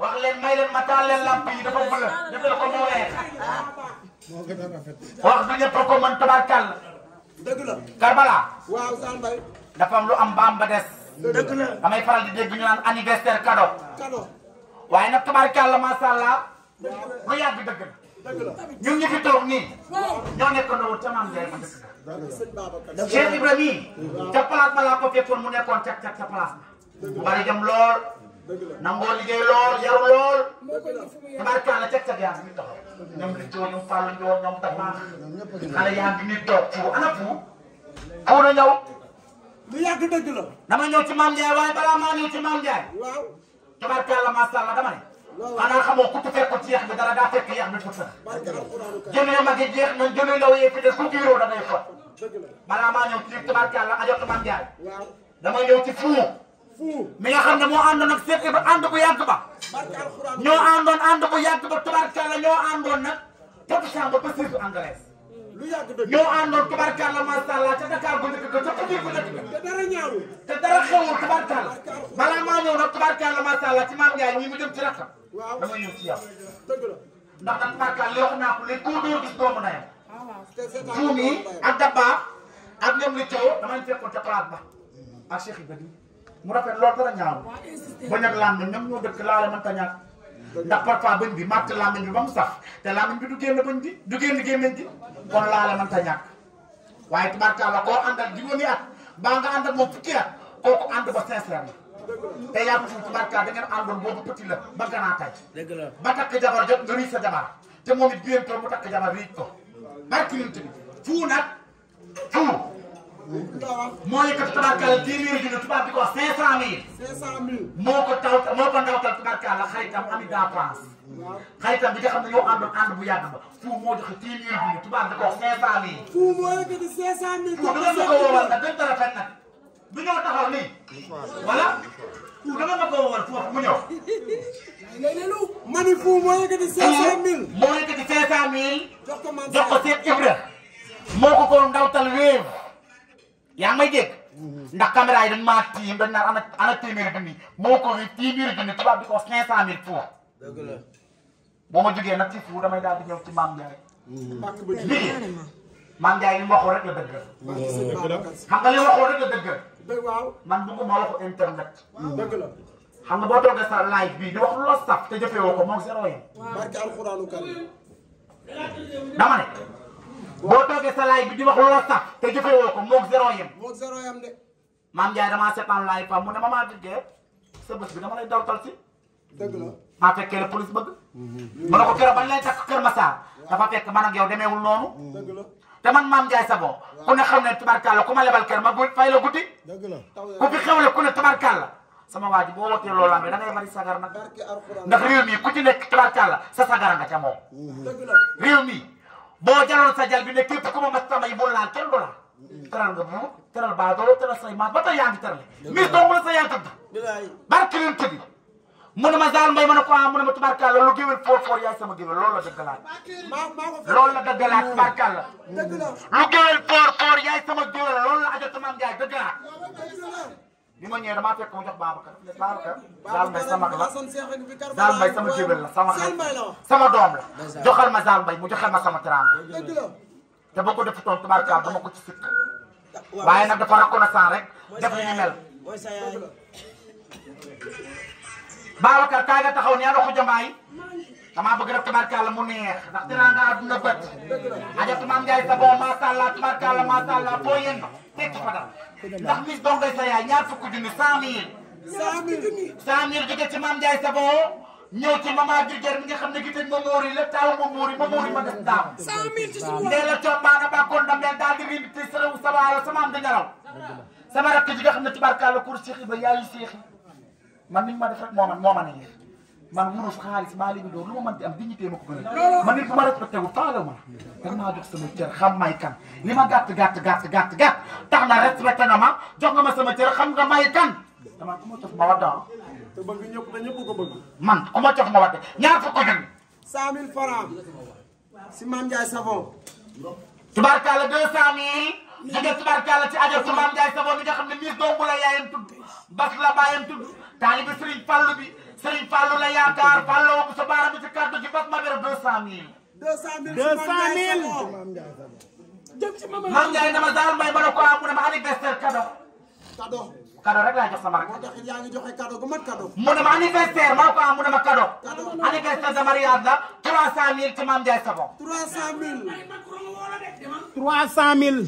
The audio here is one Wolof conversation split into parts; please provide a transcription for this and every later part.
wax leen may leen ma taal leen lamp yi dafa bëla defal ko mu weex wax du ñëpp ko mën tabarkal dëgg la Karbala waaw dafa am lu am ba ba des dëgg la damay faral di dégg ñu naan anniversaire cadeau cadeau waaye ka tabarkal la masha Allah lu yàgg dëgg la ñun ñu fi toog nii ñoo nekk ndawul ca maam Ndiaye ma dëkk Cheikh ca place ba laa ko fekkoon mu nekkoon cak cak ca place bari jam lool nangoo liggéey lool yaru lool tabarkaala cag cag yaa ngi taxaw ñoom li coo ñoom fàllu ñoom ñoom tamaax xale yaa ngi nii toog fu ana fu fu na ñëw lu yàgg dëgg la dama ñëw ci man Ndiaye waaye balaa maa ñëw ci maam Ndiaye waaw tabarkaala macha allah dama ne xanaa xamoo ku fekk ko ci yéex bi dara daa fekk yéex bi fu sax jëmee mag yi jeex nañ jëmee ndaw yee fi de ku jiiroo da ngay fot balaa maa ñëw ci tabarkaala ajo maam Ndiaye dama ñëw ci fuu mi nga xam ne moo àndoon ak Seex Ibra ànd bu yàgg ba ñoo àndoon ànd bu yàgg ba tubaarkàlla ñoo àndoon nag protestant ba ba surtout anglaise ñoo àndoon tubaarkàlla macha allah ca Dakar bu njëkk ba ca Koungheul bu njëkk ba. te dara ñaawul te dara xewul tubaarkàlla balaa maa ñëw nag tubaarkàlla macha allah ci maam Ndiaye ñii mu dem ci rakam dama ñëw ci yow. ndax nag tubaarkàlla yoo xam naa ko léegi ku doo gis doomu na yem. juum yi ak Dabba ak ñoom li coow dama ñu fekkoon ca place ba ak Cheikh Ibrahima mu rafet loolu dara ñaaw ba ñag làmmiñ ñoom ñoo dëkk laale mënta ñàkk ndax parfois bëñ bi màtt làmmiñ bi ba mu sax te làmmiñ bi du génn bëñ bi du génn gémmiñ bi kon laale mënta ñàkk waaye tubaarkàlla koo àndal juróomi at baa nga àndal moom fukki at kooku ànd ba sincère la te yaa ngi fi tubaarkàlla da ngeen àndoon boobu petit la ba gannaa tay dëgg la ba takk jabar jot nga riij sa jabar te moom it bientôt mu takk jabar riij ko barki nit bi fuu moo yëkkati tabarkaale téeméeri junni tubaab di ko wax cinq cent mille. cinq cent mille. moo ko taw moo ko ndawtal tabarkaale xaritam ami daa France. xaritam bi nga xam ne ñoo àndoon bu yàgg ba fu moo joxe téeméeri junni tubaab ko wax cinq cent mille. fu moo yëkkati cinq cent mille. pour ko woowal nag dara fekk nag du ñëw taxaw nii. voilà pour ko woowal foofu mu ñëw. Ibra moo ko ko ndawtal wéew. yaa ngi may dégg. ndax caméra yi dañ maa tiim dañ naan ana ana téeméeri junni moo ko fi téeméeri junni tubaab bi ko cinq cent mille pour. dëgg la boo ma jógee nag ci fu damay daal di ñëw ci maam Ndiaye. Mm-hmm. lii la dëgg. xam nga li mu internet. dëgg la. xam nga boo toogee sa live bi di wax lu la saf te jëfee woo ko moom zéro yem. barke alxuraanu karim dama boo toogee sa laay bi di wax loo sax te jëfe woo ko moog zéro yem. moog zéro yem de. maam Ndiaye damaa seetaan laay fa mu ne ma maa déggee sa bés bi dama lay dawtal si. dëgg la maa fekkee la police bëgg. ma ne ko keroog bañ lay takk Kër Massar. dafa fekk man ak yow demeewul noonu. dëgg la te man maam sa bo ku ne xam ne tubarkalla ku ma lebal kër ma bu fay la guddi. dëgg la ku fi xewle ku ne tubarkalla sama waa ji boo wootee loolu amee da ngay bari sagar ku ci nekk tubarkalla sa sagara nga ca moom. dëgg la réew mi. boo jaloon sa jal bi ne képp ku ma mas sama yi boo laal kenn du laal nga bu teral baadoo teral say maat ba tey yaa ngi terale mi sa yaa tëdd barki leen tëdd mu ne ma zaal mbay ma a ko ah mu ne ma tubarkàlla lu géwél foor foor yaay sama géwél loolu la dëggalaat loolu la dëggalaat tubarkàlla foor foor yaay sama géwél loolu la ajatumaam jaay dëggalaat bi ma ñëwee damaa fekk mu jox Babacar Babacar Zal Mbaye sama la Zal Mbaye sama jébal la sama sama doom la joxal ma Zal Mbaye mu joxal ma sama teraanga te ba ko def toon tubaarkaal dama ko ci sikk waaye nag dafa reconnaissant rek def li ñu mel Babacar kaay nga taxaw nee na ko jamaay damaa bëgg rek tabarkàlla mu neex ndax dinaa nga àdduna bët ajatu maam Ndiaye Savon macha allah tabarkàlla macha yaay ñaar fukki junni cent mille. ci maam Ndiaye Savon ñëw ci maman mi nga ne gis nañ la taawu Momori ma des daaw. cent mille ci suñu ndee la coombaana bàkkoon damel daal di rim te sa sama sama am di nelaw sama rakk ji nga xam ne kur Cheikh Ibrahima yaayu Cheikh man ni ma def rek moo ma man wurus xaalis maa leen doon lu a mënti am dignité ma ko gën a. man nit bu ma respecté wu faale ma. da maa jox sama cër xam may kan li ma gàtt gàtt gàtt gàtt gàtt tax na respecté nga ma jox nga ma sama cër xam nga may kan. dama ku ma jox ma wadda ah. te bëgg ñëpp nga ñëpp ko bëgg. man ku ma jox ma wadda ñaar fa ko jënd. 100000 francs si Mame Ndiaye Savon. tubarkalla 200000. jóge tubarkalla ci ajo si Mame Ndiaye Savon mi nga xam ne mise doomu la yaayam tudd taa la baayam tudd taalibe Serigne bi. Serigne Fallou la yaakaar Fallou wax sa baaraam bi ci kàddu gi bas ma bëri deux cent mille. deux cent mille deux cent mille. jëm ci maman Maam ma ne ko ah mu ne ma anniversaire cadeau. cadeau cadeau rek laa jox sama moo tax yaa ngi joxe cadeau bu mat cadeau. mu ne ma anniversaire ma ne ko ah mu ma cadeau. anniversaire de mariage trois cent mille ci Maam Ndiaye Savon. trois cent mille. trois cent mille.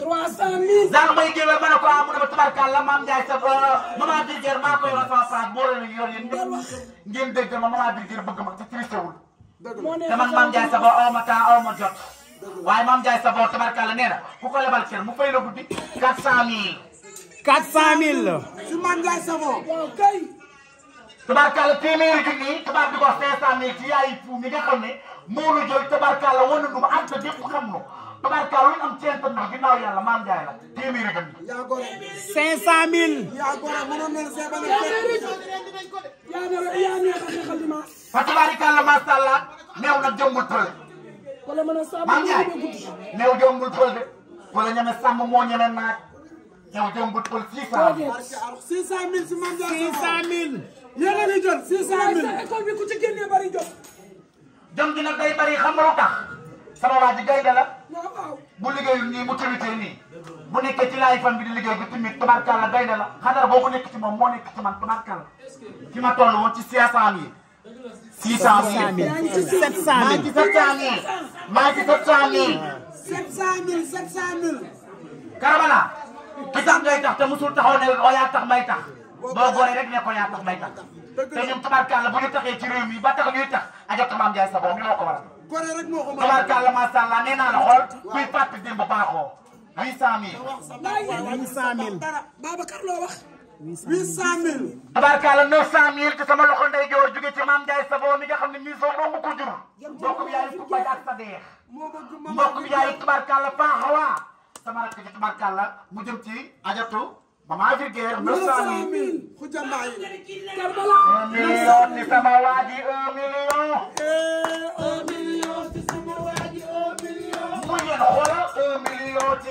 300 000. Zane Mbaye Guèye ba ne ko ah mu ne ma tubarkalla maam Ndiaye sa euh, maman Birgère maa koy yor 100F moo leen yor yéen ñëpp ngeen dégg ma maman Birgère bëgg ma ne triste wul. te man maam Ndiaye sa bo aw ma temps aw ma jot. waaye maam Ndiaye sa bo nee na ku ko lebal kër mu fay la guddi 400000. 400000 la. si maam Ndiaye sa bo. waaw kay. tubarkalla téeméeri junni tubaab bi ko 500000 ci yaayi nga ne moo la wane nu ma ànd bépp xam nu. tabarka lu ñu am ci internet bi ginnaaw yàlla maam la téeméeri gëm. yaa gore 500000. yaa gore mënoon na see ba ne yaa neex a xeexal ma. fa tabarkalla macha allah néew nag jëmbul pële. wala mën a sàmm maam Ndiaye néew jëmbul pële de. wala ñeme sàmm moo ñeme naag. si maam Ndiaye 600000. yéen a ngi jot 600000. école bi ku ci génnee bari nag day bari xam sama waa ji gaynde la bu liggéeyul nii mu timitee nii bu ni ci laay bi di liggéey bi timit tubarkàlla gaynde la xadar boo ko nekk ci moom moo nekk ci man tubarkàlla fi ma toll woon ci cinq cent mille six cent mille sept cent mille maa ngi ci tax ngay tax te musul taxaw ne oo yaa tax may tax boo góoree rek ne ko ba tax ñuy tax ajo tamaam jaay sa bopp mi moo ko waral gore rek moo ko mën a. tabarkalla macha allah nee naa la xool kuy fàtt démb baaxoo. 800000. 800000. Babacar loo wax. 800000. tabarkalla 900000 te sama loxo ndey joor jóge ci maam Ndiaye Savon mi nga xam ne mission boo ko ko jur. mbokk bi yaay ku bañ ak sa deex. mbokk bi yaay tabarkalla Paa Hawa. sama rakk ji tabarkalla mu jëm ci ajatu. maman Virgère 900000. xuja mbaay. un million ni sama waa ji un million. Eh,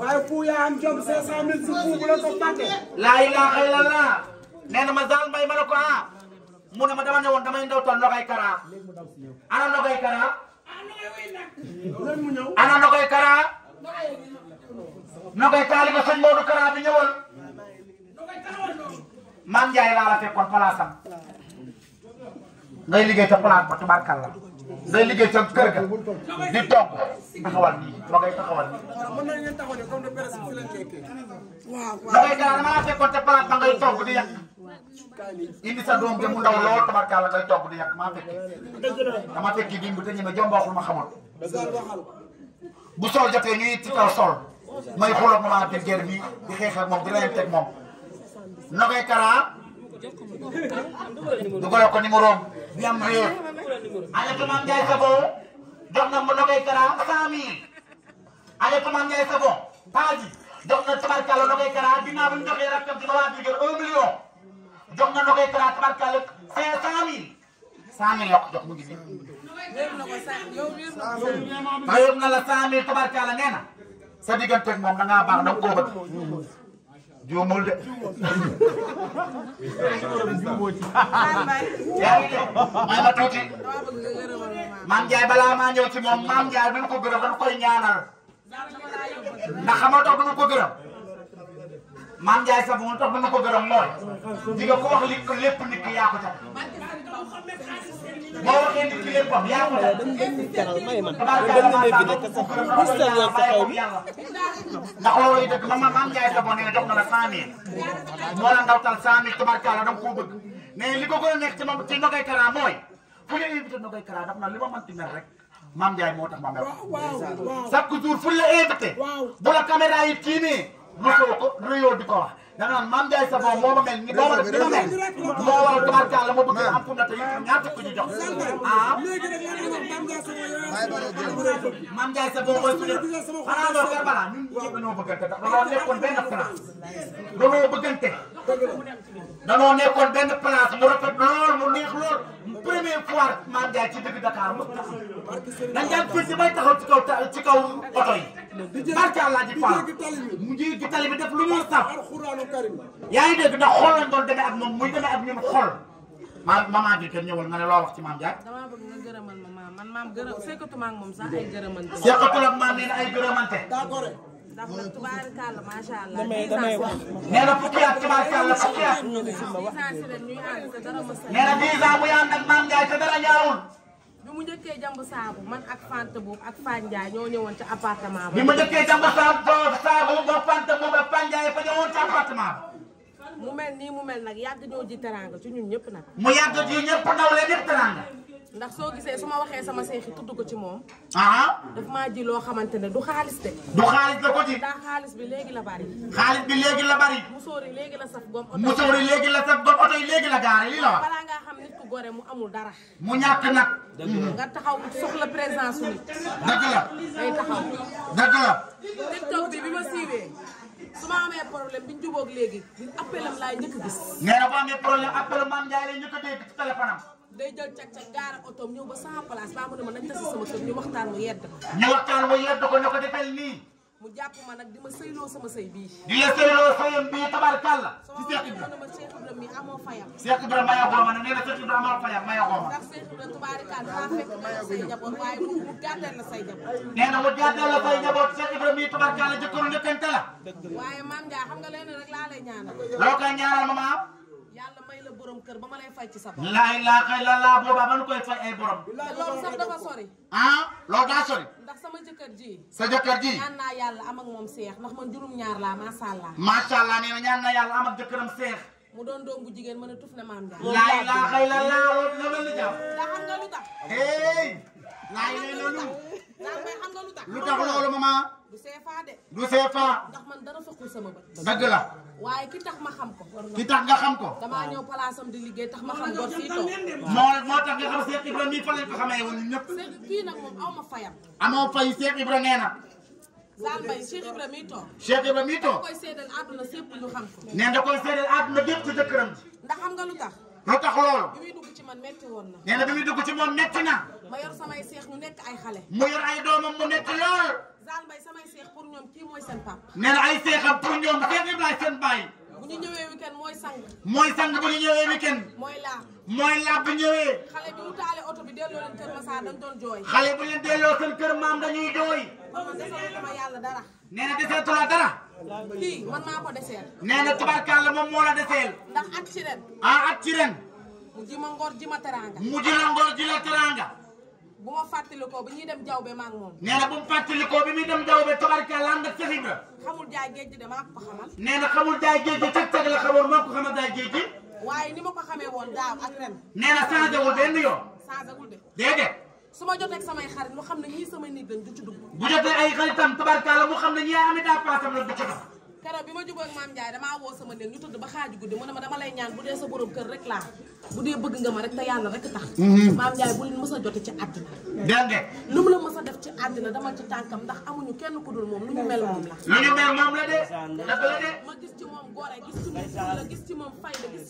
waaye ku am jom 500000 si ku bu la ko fàtte. laa ilaaha illallah nee na ma Zal Mbaye ma ne ko ah mu ne ma dama ne woon damay ndaw toon Nogay Kara ana Nogay Kara ana Nogay Kara Nogay taaliba sëñ Maodo Kara bi ñëwal Mame Ndiaye laa la fekkoon palaasam ngay liggéey te palaas ba tubaarkàlla day liggéey ca kër ga di toog taxawal nii ma ngay taxawal nii. waaw waaw da ngay daal maa fekkoon ca palaat ba ngay togg di yàq. indi sa doom bi mu ndaw lool tabarkaala ngay dama fekk biñ bu te ñeme jom waxul ma xamoon. bu sol jotee ñuy ci kaw sol may xooloon ma de guerre bi di xeex ak moom di leen teg moom. Nogay Kara. dugaloo ko numéro am. di am réer. ale ko maam Ndiaye Savon jox na mu nogay kara cent mille ale ko maam Ndiaye Savon paa ji jox na tabarkalla nogay kara ginnaaw bi mu joxee rakkam di waa Bigueur un million jox na nogay kara tabarkalla cinq cent mille cent mille yokk jox mu ngi nii ma yóbbu na la cent mille tabarkalla nee na sa diggante ak moom da ngaa baax da nga koo bëgg juumul de. may ma tuuti. maam Ndiaye balaa maa ñëw ci moom maam Ndiaye duñ ko gërëm dañ koy ñaanal. ndax xam nga tax duñ ko gërëm. maam Ndiaye sax bu ma tax duñ ko gërëm mooy. di nga ko wax li lépp nit ki yaa ko tax. boo waxee nit ki lépp wax yaa ko def. teral may man. dañ la léegi nag sax postal nga sa xew bi. ndax loolu it ma maam Ndiaye Savon nee na jox na la 100000. moo la ndawtal 100000 tubarkaala da nga koo bëgg. mais li ko gën a nekk ci moom ci Nogay Kara mooy fu ñu invité Nogay Kara daf na li ma mënti mel rek. maam Ndiaye moo tax ma mel. chaque jour fu la invité. bu la caméra yi kii nii. lu ko ko réyoo di ko wax. da nga naan Mame Ndiaye Savon moo ma mel ni moo ma def ni ma mel moo waral tubaarkàlla ma bëgg am fu mu ne te ñaata ko ñu jox ah Mame Ndiaye Savon mooy suñu xanaa loolu kay balaa ñun ñëpp dañoo bëggante dañoo nekkoon benn place dañoo bëggante dañoo nekkoon benn place mu rafet lool mu neex lool première fois Mame Ndiaye ci dëgg Dakar mu taxaw dañ daan fii si bay taxaw ci kaw ci kaw oto yi barke Alaaji Fall mu jéggi tali bi def lu mu saf yaa ngi dégg ndax xol lañ doon demee ak moom muy demee ak ñun xol ma maman Jokalante ñëwal nga ne loo wax ci maam Diagne. damaa bëgg nga gërëmal ma maam man maam gërëm sekkatuma ak moom sax ay gërëmante. sekkatuma ak maam nee na ay gërëmante. d'accord ndax nag tubaarkàlla macha allah. damay damay wax nee na fukki at tubaarkàlla fukki at. nee na 10 ans muy ànd ak maam Ndiaye te dara ñaawul. bi mu njëkkee jàmb saabu man ak Fante boobu ak Fanjaay ñoo ñëwoon ca appartement ba. bi mu njëkkee jàmb saabu boobu saabu ba Fante boobu ak Fanjaay fa ñëwoon ca appartement mu mel nii mu mel nag yàgg ñoo ji teranga ci ñun ñëpp nag. mu yàgg ji ñëpp ndax soo gisee su ma waxee sama seexi tudd ko ci moom. Ah. daf maa ji loo xamante ne du xaalis de. du xaalis la ko ji. ndax xaalis bi léegi la bari. xaalis bi léegi la bari. musóor yi léegi la saf gom oto yi léegi la saf gom la ñàkk gore mu amul dara. mu ñàkk nag. nga taxaw soxla présence su nit. dëgg la day taxaw. dëgg la. TikTok bi bi ma siiwee. su ma amee problème bi ñu jubóog léegi. appelam laay njëkk a gis. nee na boo amee problème appelam maam Ndiaye lay njëkk a dégg ci téléphone day jël càq-càq gaara otoom ñëw ba sama place ba mu ne ma nañ tase sama kër ñu waxtaan mu yedd ñu waxtaan mu yedd ko ne ko defal nii. mu jàpp ma nag di ma sëyloo sama sëy bii. di la sëyloo sëyam bii tabarkàlla. ci Cheikh Ibra sama Cheikh Ibra mi amoo fayam. Cheikh Ibra maya gooma ne nee na Cheikh fekk na say njaboot mu mu gàddeel la say njaboot. nee na mu gàddeel la waaye maam Dia xam nga lenn rek laa lay ñaanal. loo koy yàlla may la boroom kër ba ma lay fay ci sa bopp. laay laa xay la laa boobaa man koy fay ay borom. loolu sax dafa sori. ah loolu daa sori. ndax sama jëkkër ji. sa jëkkër ji. ñaan naa yàlla am ak moom seex ndax man juróom ñaar laa macha allah. macha allah nee na ñaan naa yàlla am ak jëkkëram seex. mu doon doom bu jigéen mën a tuf ne maam Ndiaye. laay laa xay la laa loolu la mel ni jàpp. xam nga lu tax. lu. tax. lu tax loolu du seefaa de. du seefaa. ndax man dara fekkul sama bët. dëgg la waaye ki tax ma xam ko. ki tax nga xam ko. damaa ñëw palaasam di liggéey tax ma xam ko fii toog. moo moo tax nga xam Cheikh Ibra mii fa lañ ko xamee woon ñëpp. kii nag moom aw fayam. amoo fay Cheikh Ibra nee na. Sall Mbaye Cheikh Ibra mii toog. Cheikh Ibra mii toog. da koy seedal àdduna sépp ñu da koy ci jëkkëram ji. ndax xam nga lu tax. na. ma yor samay seex mu nekk ay xale. mu yor ay doomam mu nekk lool. Sall Mbaye samay seex pour ñoom kii mooy seen papa. nee na ay seexam pour mooy sang. mooy sang bu ñu ñëwee weekend. mooy laab mooy laab bu xale bi mu taale oto bi delloo leen kër Masaar dañ doon jooy. xale bu leen delloo seen kër maam dañuy jooy. kon deseetuma yàlla dara. nee na deseetu la dara. kii man maa ko deseel. nee na tubarkalla moom moo la deseel. ndax at ci ren. ah at ci ren. mu ji ma ngor ji ma teraanga. mu ji la ngor ji teraanga. bu ma fàttalikoo bi ñuy dem jawbe be ak moom. nee na bu mu fàttalikoo bi muy dem jawbe tabarkalla ànd ak sëriñ nga. xamul jaay géej de maa ko xamal. nee na xamul jaay géej gi teg teg la xamoon moo ko xamal jaay géej waaye ni ma ko xamee woon daa ak ren. nee na changé wul benn yoon. changé wul de. déedéet. su ma jotee ak samay xarit mu xam ne ñii samay nit lañ du ci dugg. bu jotee ay xaritam tabarkalla mu xam ne ñii amee daa paasam la du ci dugg. keroog bi ma jubóo ak maam Ndiaye damaa woo sama néeg ñu tudd ba xaaju guddi mu ne ma dama lay ñaan bu dee sa borom kër rek laa bu dee bëgg nga ma rek te yàlla rek tax. Mhm. maam Ndiaye bu leen mës a joti ci àddina. def ci àddina dama ci tànkam ndax amuñu kenn ku dul moom lu ñu mel moom la. lu ñu mel moom la de. ma gis ci moom gore gis ci moom fulla gis ci moom fayda gis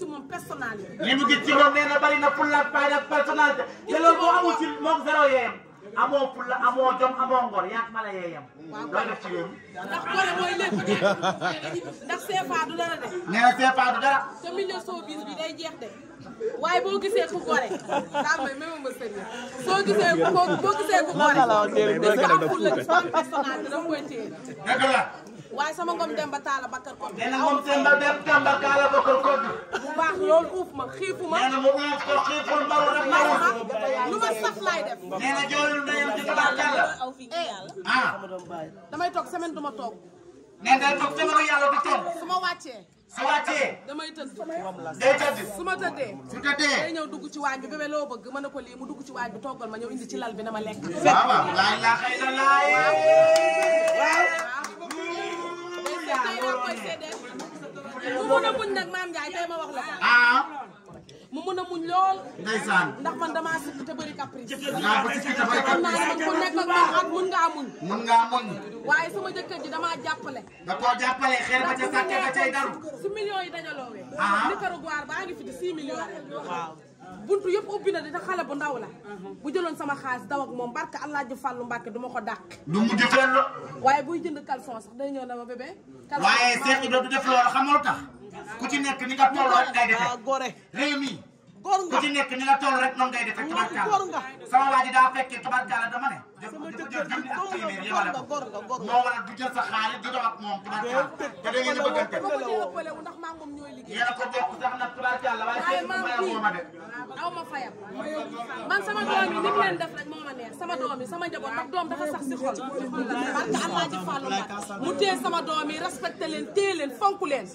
li mu gis ci moom nee na bari na fulla ak fayda personnalité. te loolu boo amul ci moom zéro yem amoo fulla amoo jom amoo ngor yaat ma la yeeyam. ndax boole mooy lépp de ndax CFA du dara de. nee na CFA du dara. te milieu showbiz bi day jeex de waaye boo gisee ku gore daa may même ma sëñ soo gisee boo gisee ku gore. waaye sama ngom dem ba taala bakkal ko. nee na ko. loolu uuf ma xiifu ma. nee na bu ma ko xiiful ma wala ma lu ma sax laay def. nee na jooyul ndeyam ci tabarkal la. ah. damay toog semaine du ma toog. nee na toog semaine yàlla du toog. su ma wàccee. su wàccee. damay tëdd. day tëdd. su ma tëddee. su tëddee. day ñëw dugg ci waañ bi bébé loo bëgg ma ne ko lii mu dugg ci waañ bi toggal ma ñëw indi ci lal bi na ma lekk. waaw waaw laay laa xëy na laay. waaw. mu mun a muñ nag maam Ndiaye tey ma wax la ko. ah. mu mun a muñ lool. ndeysaan ndax man damaa sikk te bëri caprice. damaa ba sikk bëri caprice. xam naa ne ku nekk mun ngaa muñ. mun ngaa muñ. waaye sama jëkkër ji damaa jàppale. da koo jàppale xel ba ba cay daru. su millions yi dajaloo wee. ah li ko baa ngi fi di 6 millions. waaw. buntu yëpp ubbi na dina xale bu ndaw la. bu jëloon sama xaalis daw ak moom barke allah ji fàllu mbàkke du ma ko dàq. du mujj fenn. waaye buy jënd caleçon sax day ñëw na ma bébé. waaye Cheikh Ibrahima du def loolu xam tax. ku ci nekk ni nga toll rek ngay defee. Ah, réew mi. nga nekk ni nga toll rek noonu ngay defee. tabarkaala sama waa ji daa fekkee tabarkaala dama ne. sama jëkkër ji comme yow nga gor moo waral du jël sa xaalis di dox ak moom. te da ngeen ndax maa moom ñooy liggéey. yéen a ko bokk sax nag tubaab yàlla waaye seen ma de. aw ma fayam. man sama doom yi ni leen def rek moo ma neex sama doom yi sama njaboot ndax doom dafa sax si xol. barke mu téye sama doom yi respecté leen téye leen fonk leen.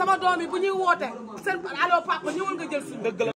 sama doom yi bu ñuy woote seen allo papa ñëwal nga jël si.